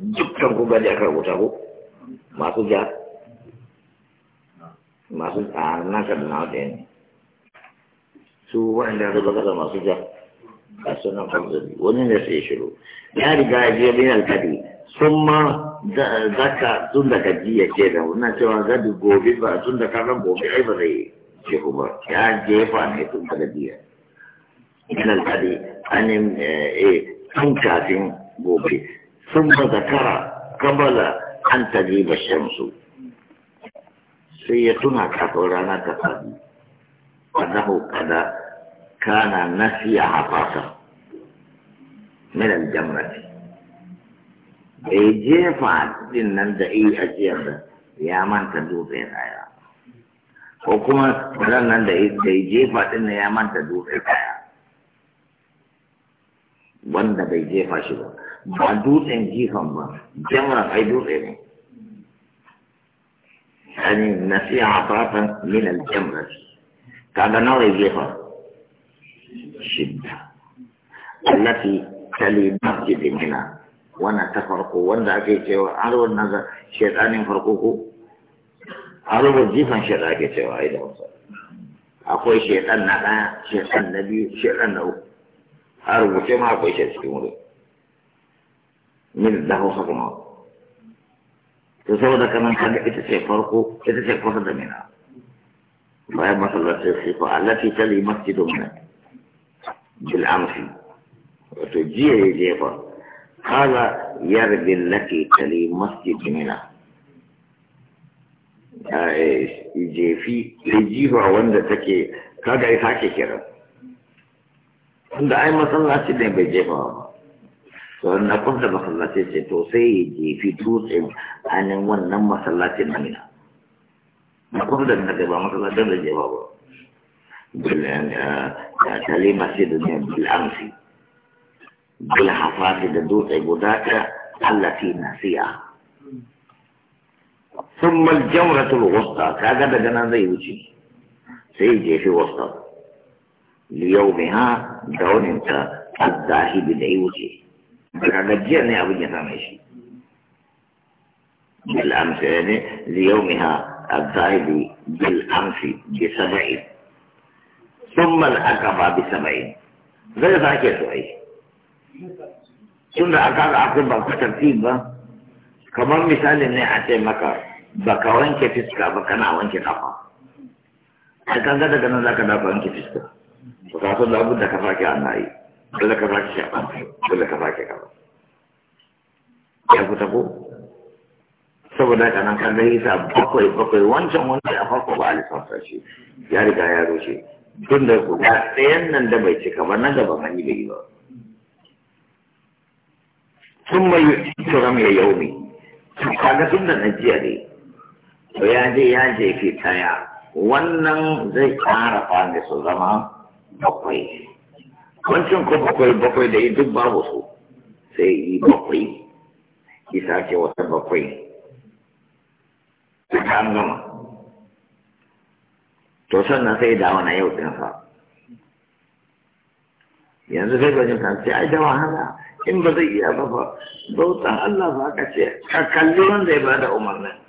dukkan ku ah, gaji aka wuta ko, masu ja masu a nan ka dana wata ne su wanda su baka da masu ja a sunan kwamfani wani ne sai shiru ya riga ya je bin alkadi sun ma zaka tun da gaji ya ce da wannan cewa gadi gobe ba tun da karan gobe ai ba zai ce ku ya jefa ne tun da gaji ya bin alkadi an yi eh, eh, tun kafin gobe sun ba da kara kabala an tabi ba shamsu sai ya tuna kafin rana ta faɗi a naho kada kana na siya hafasa minan jamrati da ya jefa a cikin nan da iya ajiyar da ya manta dutse kaya ko kuma nan da ya jefa a cikin nan ya manta dutse kaya wanda bai jefa shi ba ba dutsen jifan ba jama'a ai dutse ne yani a fatan min jama'a jamra kaga nawa ya jefa shidda allati tali masjid mina wannan ta farko wanda ake cewa arwar nan shedanin farko ko arwar jifan sheda ake cewa ai da wasa akwai shedan na ɗaya shedan na biyu shedan na uku a rubuce ma akwai shi cikin wurin min da hausa kuma to saboda kanan kaga ita ce farko ita ce kusa da mina bayan masallacin sifa allati tali masjidun min bil amsi wato jiya ya jefa kala yarbi allati tali masjidun mina eh, jefi da jifa wanda take kaga ya sake kiran tunda ai masallaci ne bai jefa ba to na kunta masallaci ce to sai ya jefi dutsen anin wannan masallacin na mina na kunta na ba masallacin da jefa ba bilan ya eh, eh, tali masjid ne bil amsi bil hafati da dutse guda ɗaya allati nasiya ثم الجورة الوسطى كذا بدنا زي sai سيجي في وسطى yaumiha da wani ta azahibi da yi wuce gargajiyar ne abin ya same shi bil amsi ne li yaumiha azahibi bil amsi bi sabai thumma al aqaba bi sabai zai zake to ai tunda aka ga akwai ba ku tartib ba kamar misali ne a ce maka baka wanke fiska ba ka na wanke kafa a kan daga nan ka dafa wanke fiska to ka san abin da ka sake ana yi dole ka sake shaɓan dole ka sake kaza ya fita ko saboda ka nan kan gani sa bakwai bakwai wancan wancan a farko ba a lissafta ya riga ya rushe tun da guda ɗayan nan da bai cika ba nan da an yi bai yi ba sun mai turam ya yau ne kaga tun da najiya ne to ya je ya je ke taya wannan zai ƙara fami su zama bakwai wancan ko bakwai bakwai da yi duk babu su sai yi bakwai ki sake wata bakwai ta an gama to sannan sai da wani yau sa. yanzu sai gwajin kan sai ai da wahala in ba zai iya ba ba bautan Allah ba ka ce ka kalli wanda ya bada umarnin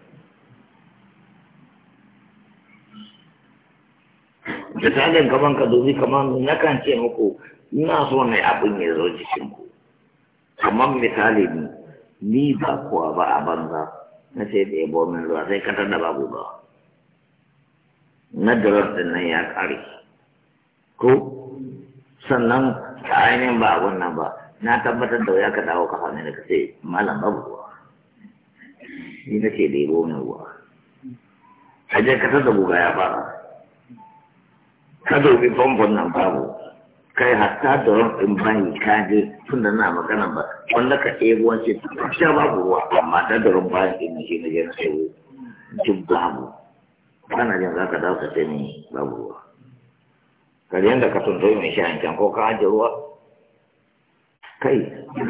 misalin kaman ka dubi kaman na kan ce muku ina so ne abin ya zo jikin ku kaman misali ni ni ba kuwa ba a banza na ce da yabo min ruwa sai katar da babu ba na dalar din nan ya kare ko sannan ta ainihin ba abun nan ba na tabbatar da ya ka dawo ka ne da ka ce malam babu ruwa ni na ce da yabo min ruwa a je katar da buga ya fara ka bi famfon nan babu kai hatta da rufin bayi bai kaje tun da na magana ba wanda ka ɗebo wace ta babu ruwa amma da da rufin bayi ɗin shi na je sai ɗebo duk babu kana jin zaka ka dawo ka ce ni babu ruwa kada yanda ka tuntoyi mai an can ko ka ajiye ruwa kai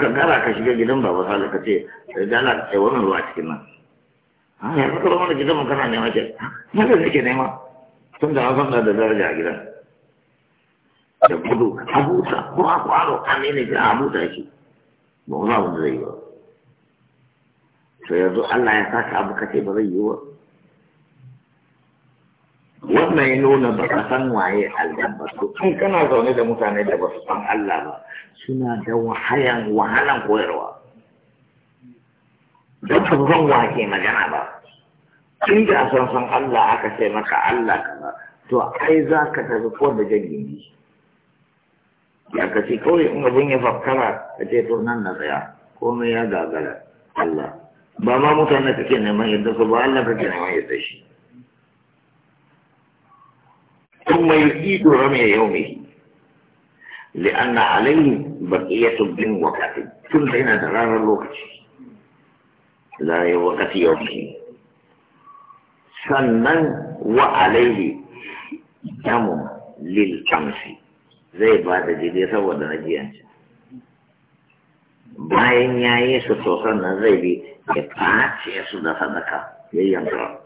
ka gara ka shiga gidan baba sai ka ce da na ce wannan ruwa cikin nan a ah, ya ka karo mana gidan mu kana nema ce na ah, ne nake nema tun da hausa na da daraja a gida da gudu abuta ko a kwaro a nene ga abuta shi ba wani abu da zai yi ba sai yanzu Allah ya saka abu kace ba zai yi ba wannan ya nuna ba ka san waye Allah ba to kai kana zaune da mutane da ba su san Allah ba suna da wahalan wahalan koyarwa don ba san magana ba inda a son san Allah aka sai maka Allah kamar to ai za ka tafi ko da jirgin ji ya ka ce kawai in wajen ya fakara a ce to nan na tsaya komai ya gagara Allah ba ma mutane kake neman yadda su ba Allah ke neman yadda shi kun mai yi dora mai yau mai li an na alayhi baqiyatu bin wakati tun da yana da ranar lokaci la yau wakati yau mai sannan wa alaihi damu lil kamsi zai ba da jide saboda na jiyanci bayan ya yi su to sannan zai bi ya face su da sadaka ya yanka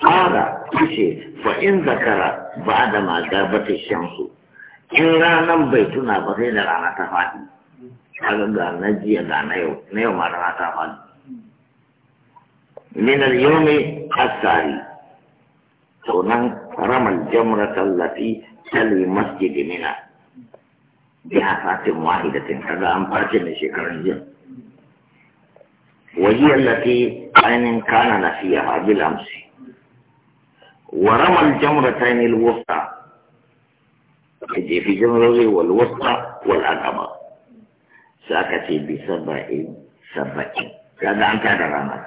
ƙara ce fa zakara ba da ma gabata shansu in ranar bai tuna ba sai da rana ta faɗi a ga na jiya da na yau na yau ma rana ta faɗi من اليوم الثاني هنا رمى الجمرة التي تلي مسجد بها فاتم واحدة هذا فاتم شكرا جدا وهي التي أين كان نسيها بالأمس ورمى الجمرتين الوسطى في جمرة والوسطى والأقبى ساكتي بسبع سبع هذا أنت هذا رمى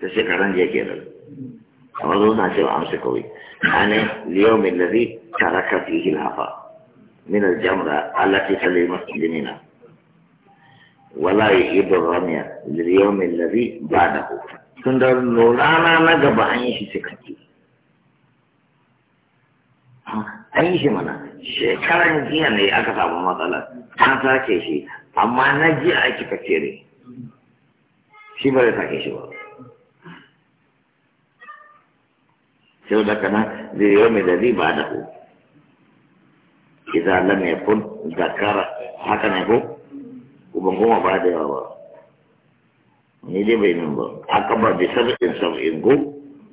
da shekaran jiya kenan kamar zo na cewa amsa kawai ane liyau min lazi taraka fi hilafa min aljamra allati salima limina wala yuhibu ramya liyau min lazi ba'dahu tun da nuna na gaba an yi shi cikakke an yi shi mana shekaran jiya ne aka samu matsala an sake shi amma na jiya ake kake ne shi ba zai sake shi ba شو انا ليوم الذي بعده إذا لم يكن ذكر هكذا يكون وبنقوم بعد يوم ni dia berimbang. Akabah bisab'in sab'in gu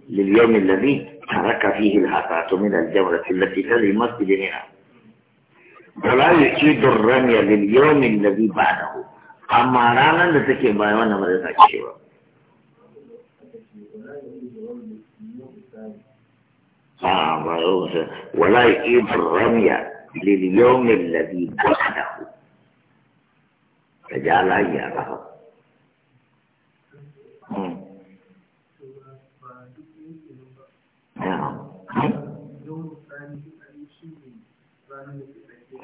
لليوم الذي ترك فيه الهفات من الجمرة التي تلي المسجد منها فلا يكيد الرمي لليوم الذي بعده أما رانا لتكي بايوانا مرزاكي شوى آه ولا يجيب الرمي لليوم الذي بعده فجعل يره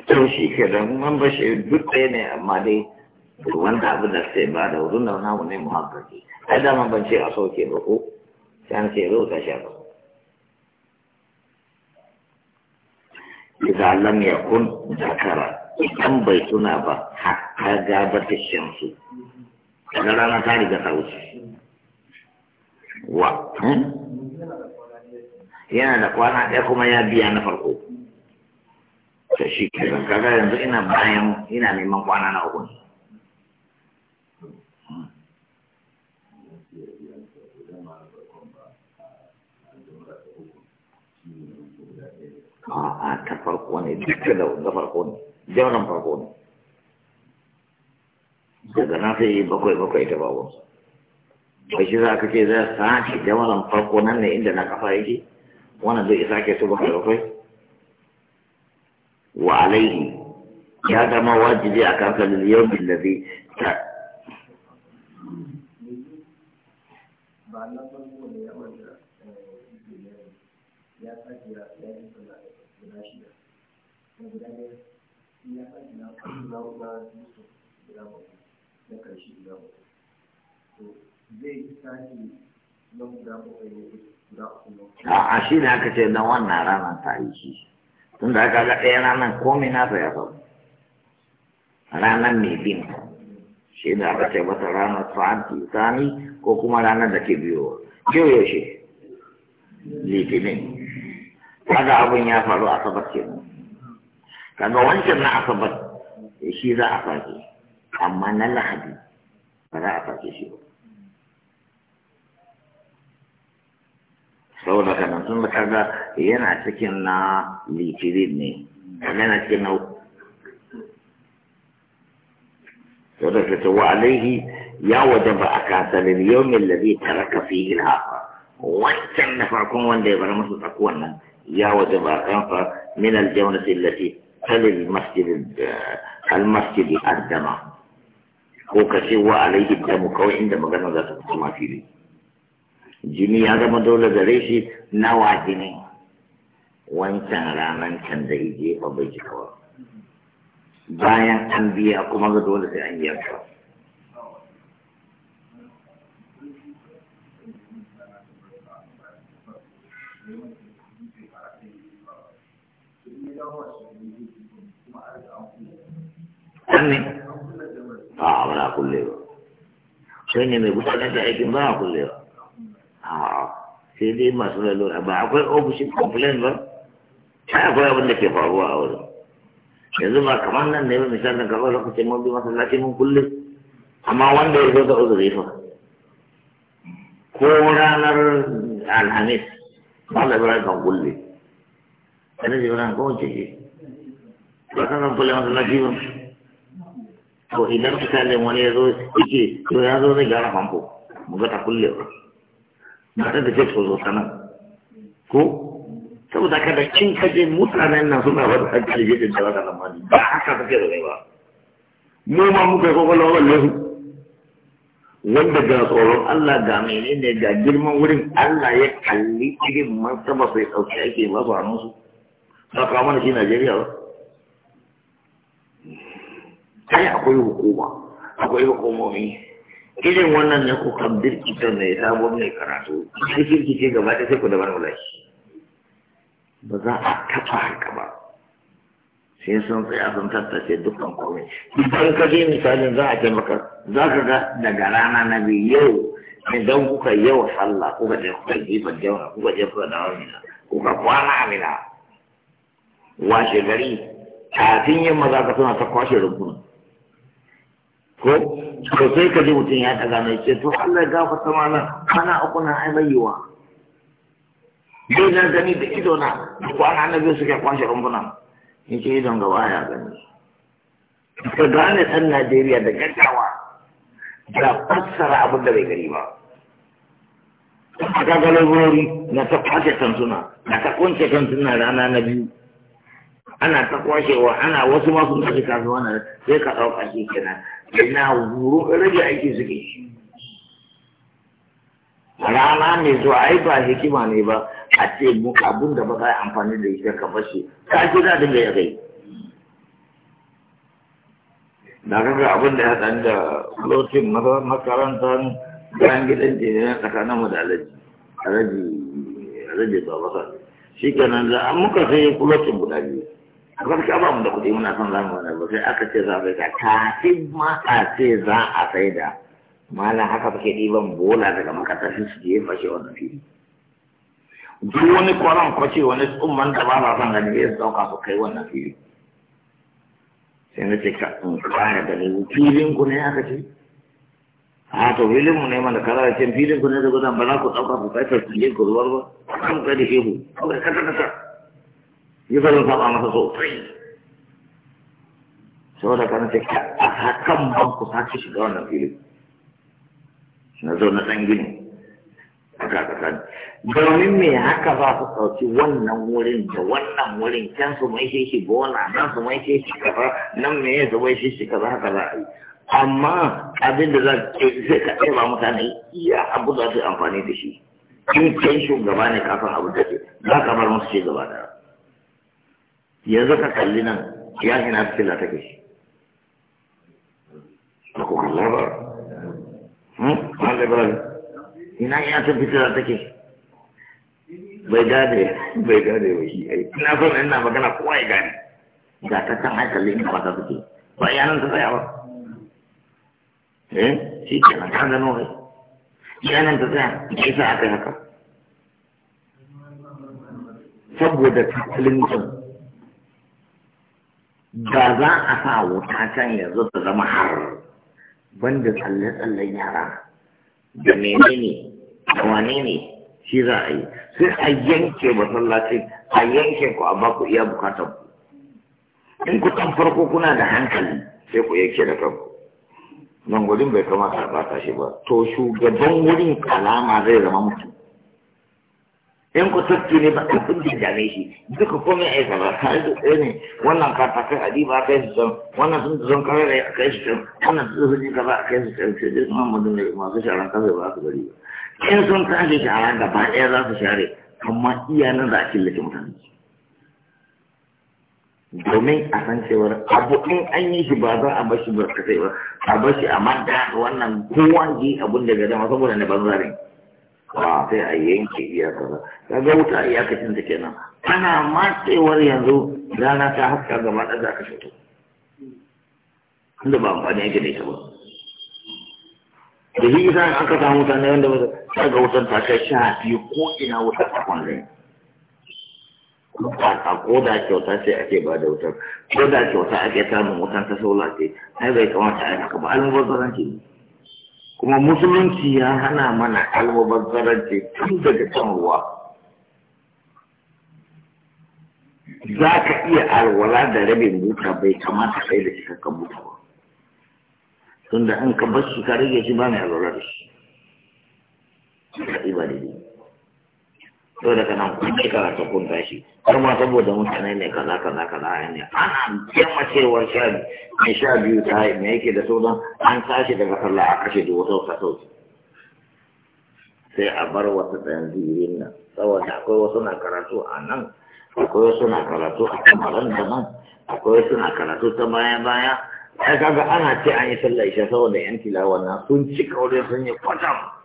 to shi ke da mun ba shi duk ɗaya ne amma dai wanda abu da sai ba da wurin da wani ne muhabbaki ai da ban ce a sauke ba ko sai an ce zo ta shafa idan bai يكن ba إذن بيتنا با حتى غابت الشمس أنا أنا تاريخ تاوس و yana da kwana ɗaya kuma ya biya na farko Ta shi kaga yanzu ina bayan ina neman kwana na uku a'a ta farko ne duka da ga farko ne jauran farko ne daga na sai bakwai bakwai ta babu ba shi za ka ce zai sace jauran farko nan ne inda na kafa yake wannan zai isa ke su da bakwai wa alaihi ya zama wajibi a kan salil yau billazi ta ba na farko ne ya wanda eh, ya sake ya yi na a shi ne aka ce don wannan ranar ta yi shi tun da aka ga ɗaya ranar komi na ya sau ranar mai bin shi ne aka ce wata ranar sa'anti sani ko kuma ranar da ke biyo yau shi litinin kada abin ya faru a sabar kenan kaga wancan na aka asabar shi za a fage amma na lahadi ba za a fage shi ba saboda kana tun da kaga yana cikin na litirin ne yana cikin na saboda ka tawa alaihi ya waje ba a kasalin yau min lalai taraka fi ilhafa wancan na farkon wanda ya bar musu tsakuwan nan ya waje ba a kanfa min aljawar sillati هل المسجد المسجد الدم ko ka ce wa alaihi damu kawai inda magana za ta kuma fili jini ya zama dole gare shi nawa jini wancan ranar can da ije ba bai ji kawai bayan an biya kuma ga dole sai an yi yanka Thank you. an ne a muna kulle ba sai ne mai gudanar da aikin ba a ba a sai dai masu lalura ba akwai ofishin complain ba sai akwai ke faruwa a wurin yanzu ba kamar nan ne ba misalin kamar lokacin mun bi masallaci mun wanda ya zo da uzuri fa ko alhamis ba da bira kan kulle ana jiran ko ce ba kan kulle masallaci ba to idan misalin wani ya zo ike to ya zo zai gyara famfo mu ga ta kullewa ba ta da ce zo ta nan ko saboda kada in ka je mutanen nan suna ba da hankali yadda da ba da mali ba haka suke da ba mu ma mu kai kwakwalwa wa su wanda ga tsoron Allah ga menene ga girman wurin Allah ya kalli irin martaba sai ɗauki ake ba su hannun su ba kawo mana shi Najeriya ba ai akwai hukuma akwai hukumomi irin wannan ne ku kan mai sabon mai karatu sai kirkice gaba ɗaya sai ku dabar wula shi ba za a taɓa haka ba sai sun tsaya sun tattace dukkan komai idan ka je misalin za a ce maka za ka ga daga rana na biyu yau idan kuka yau sallah kuka je kuka jifar jauna kuka je kuka dawo mina kuka kwana a mina washe gari kafin yamma za ka suna ta kwashe rumfunan ko ko sai ka ji mutum ya kaza mai ce to Allah ya gafarta mana kana uku na ai bayyuwa dai na gani da ido na ko an annabi suke kwashe rumbuna in ce idon gaba ya gani ka gane san Najeriya da gaggawa da fassara abin da bai gari ba a kagalar wuri na ta kwashe kantuna na ta kunce kantuna rana na biyu ana ta kwashewa ana wasu masu kashe kasuwa na sai ka ɗauka shi kenan ina wurin rage aiki suke rana mai zuwa ai ba hikima ne ba a ce mu abun da ba za a amfani da ita ka bashi ka ji za dinga ya kai da kaga abin da ya haɗa da lotin makarantar bayan gidan ce ne tsakanin mu da alaji alaji alaji ba ba shi kenan da an muka sai kulotin guda biyu gaskiya ba mu da kuɗi muna son zamu wani ba sai aka ce za a saida kafin ma a ce za a saida mana haka fake ɗiban bola daga makasashi su je fashe wannan fili duk wani kwaron kwace wani tsumman da ba sa son gani zai ɗauka su kai wannan fili sai na ce ka in kara da ni filin ku ne aka ce a to filin mu ne mana kaza da filin ku ne da gudan ba za ku ɗauka ku kai ta su je ku zuwar ba kan kai da shehu kawai kata kata yi zan saba masa sosai saboda kana ce a hakan ban ku sake shiga wannan filin na zo na ɗan gini haka tsakani domin me haka za su ɗauki wannan wurin da wannan wurin can su mai shi shi gona nan su mai shi shi kaza nan me ya su shi shi kaza haka za amma abin da zai kaɗai ba mutane iya abu da su amfani da shi in kai shugaba ne kafin abu da ke za ka bar musu ce gaba ɗaya yanzu ka kalli nan ya ina fitila ke. ba ku kalla ba malibar hmm? ina ina ta fitila take bai gane bai gane ba shi ai ina son ina magana kowa ya gane ga ta can haikali ina mata take ba yanan ta tsaya ba eh shi ke nan kan gano kai yanan ta tsaya isa aka haka saboda tattalin mutum da za a sa wuta can yanzu ta zama har banda tsalle-tsallen yara da ne, da wane ne shi za a yi sai a yanke masallaci a yanke ku a baku iya bukatar ku in ku tan farko kuna da hankali sai ku yanke da kanku nan gudun bai kamata a bata shi ba to shugaban wurin kalama zai zama mutum in ku tattu ne ba kun jin shi duka komai a yi kaza kai da ɗaya ne wannan katakai a diba a kai su can wannan sun zan kare da a kai su can wannan sun sun yi kaza a kai su can sai dai kuma mutum ne masu sharan kasa ba su gari ba in sun kare da ba ɗaya za su share amma iya nan za a killace mutane domin a san cewar abu in an yi shi ba za a bashi kasai ba a bashi a da wannan kowa ji abun da ga dama saboda na banzarin ba sai a yanke iyakar kaga wuta iyakacin ta kenan ana matsewar yanzu rana ta haska gaba ɗaya za ka fito inda ba amfani yake da ita ba da shi isa aka samu mutane wanda ba ta ga wutar ta kai sha biyu ko ina wutar ta kwanne a ko da kyauta sai ake ba da wutar ko da kyauta ake samun wutar ta saula ce ai bai kamata a yi haka ba almubazzaranci ne kuma musulunci ya hana mana almubazzaranci tun daga kan ruwa za ka iya alwala da rabin buta bai kamata kai da kan buta ba tunda an ka bar ka rage shi ba mai alwala da shi ka ɗiba biyu. to daga nan kun ce ta kun tashi har ma saboda mutane ne kaza kaza kaza ne ana yamma cewar sha mai sha biyu ta yi me yake da sauran an tashi daga sallah a kashe da wata wata sauki sai a bar wata tsayan zirin nan saboda akwai wasu na karatu a nan akwai wasu na karatu a kamaran da nan akwai wasu na karatu ta baya baya ai kaga ana ce an yi sallah isha saboda yan tilawa na sun ci kaure sun yi kwatam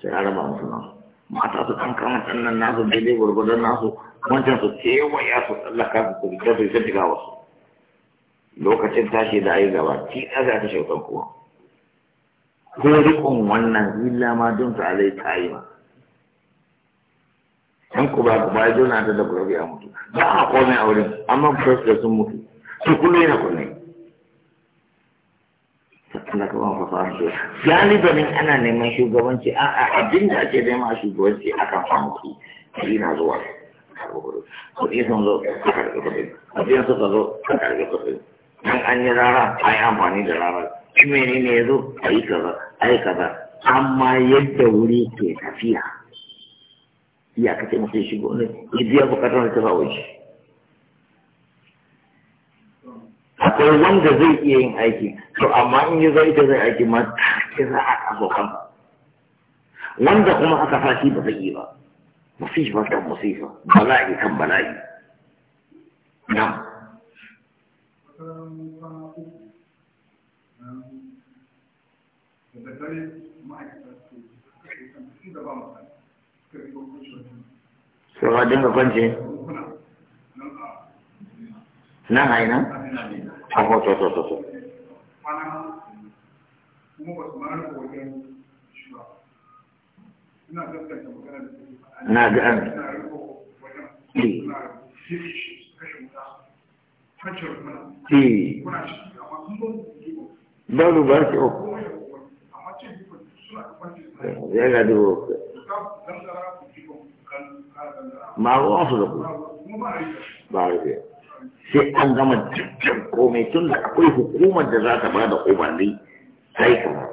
sai a raba musu nan mata su kan kan nasu daidai gwargwadon nasu wancan su kewaya su tsallaka su su rike su shiga wasu lokacin tashi da ayi gaba ki za ta shautan kuwa ko riƙon wannan illa ma don ta alai ta ma ɗan ku ba ku ba ya jona ta da kurabi a mutu ba a komai a wurin amma kusurka sun mutu su kullum yana kullum Allah ka ba fasaha da galibin ana neman shugabanci a abin da ake nema shugabanci a akan famki ina zuwa kuɗi sun zo a karɓi kuɗi abin suka zo a karɓi kuɗi dan an yi rara a yi amfani da rara shi mene ne ya zo a yi kaza a yi kaza amma yadda wuri ke tafiya iyakacin mutum shigo ne ya biya bukatar da ta ba wuce. akwai wanda zai iya yin aiki to amma in yi zai ita zai aiki ma take za a kaso kan wanda kuma aka fashi ba zai yi ba musifa kan musifa bala'i kan bala'i na Sai wa dinga kwance? Nan a yi nan? Aho to Na ga an. Eh. Babu ba ki uku. Ya ga uku. Ma ruwan su da Ba rufe. sai an gama dukkan komai tun da akwai hukumar da za ta ba da umarni sai kuma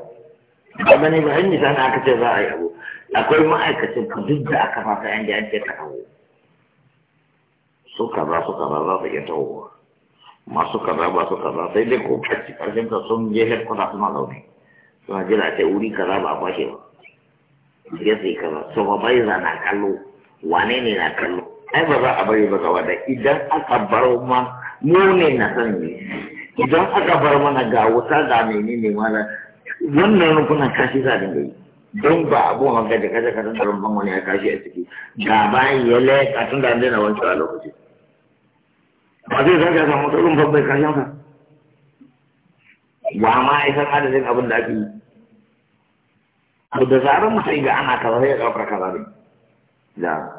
ba ba ne ba hanyar na aka ce za a yi abu akwai ma'aikacin ka duk da aka fasa yan da yanke ta hau su kaza su kaza za su iya tawowa masu kaza ba su kaza sai dai ko kaci karshen ka sun je headquarter suna zaune suna jira ta wuri kaza ba a fashe ba ya sai kaza supervisor na kallo wane ne na kallo ai ba za a bari ba gaba da idan aka bar ma mu na san ne idan aka bar mana ga wuta ga menene mana wannan rukunan kashi za dinga yi don ba abu ma da kaje ka tantara ban wani ya kashi a ciki ga bayan ya ka tun da na wancan a lokaci ba zai zanga ga mutu rumfa bai kashin ka wa ma isan adadin abin da ake yi abu da zarar mutum ga ana kaza sai ya ɗaukar kaza ne da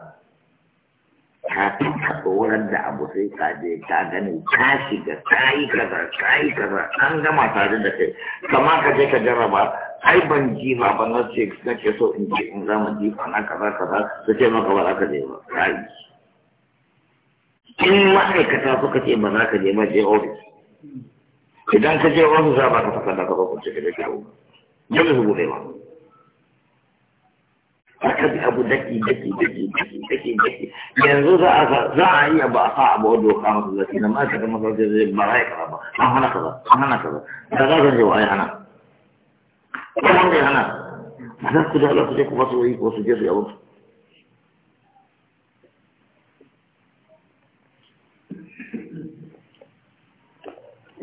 kafin ka tsoron da abu sai ka je ka gani ka shiga ka yi kaza ka yi kaza an gama tare da kai kama ka je ka jarraba ai ban ji ba na ce na ke so in ce in zama ba na kaza kaza su ce maka ba za ka je ba ka yi in ma'aikata suka ce ba za ka je ba je ofis idan ka je ofis za ba ka fasa da ka ba ku ce ka je ka yau ba su buɗe ba aka bi abu daki daki daki daki daki daki yanzu za a za a iya ba a sa abu wanda ka mutu zaki na ma kaga masarautar zai ba rai kaza ba an hana kaza an hana kaza da za zan yau ai hana ko wanda ya hana ba za ku da Allah ku je ku fasu wai ko su je su yabo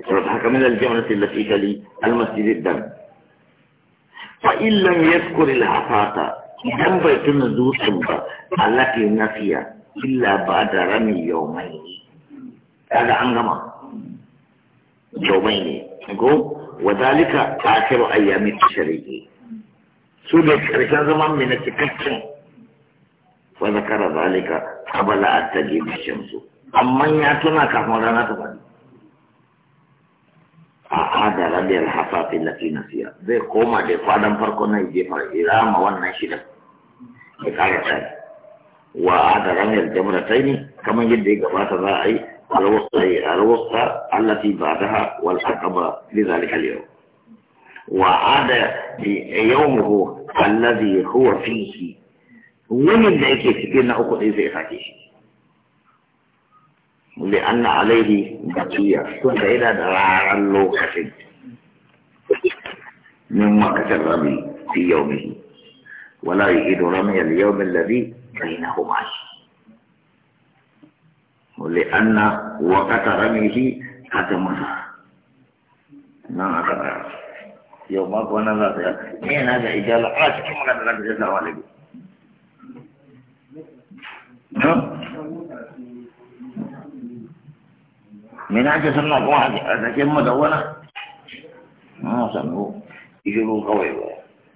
فاضحك من الجملة التي تلي المسجد الدم فإن لم يذكر العفاة idan bai tuna zuciyar ba na nafiya illa ba da rami yaumai ne kaga an gama yaumai ne go wadalika akhiru ayyami tashriqi su ne karshen zaman mai na cikakken wa kara zalika qabla at tajib su? amma ya tuna kafin rana ta A'a da alhafafin latina siya zai koma da kwadon farko na yi ira ma wannan shida ya kara tsari wa adara da jamura ta ne kamar yadda ya gabata za a yi alwasa allafi ba da ha walaka ba zai zali kalewa wa adara yau muku allazi huwa fi shi wani da yake cikin na uku ɗin zai sake shi لأن عليه بقية كنت إلى دراع اللوحة من وقت الرمي في يومه ولا يعيد رمي اليوم الذي بينهما ولأن وقت رميه قد مضى نعم يوم أكون هذا مين هذا إجالة عاشق مرة لك جزاء والدي نعم ni na ce suna kuma a cikin madawana? Ah, sanu, ijiru kawai ba.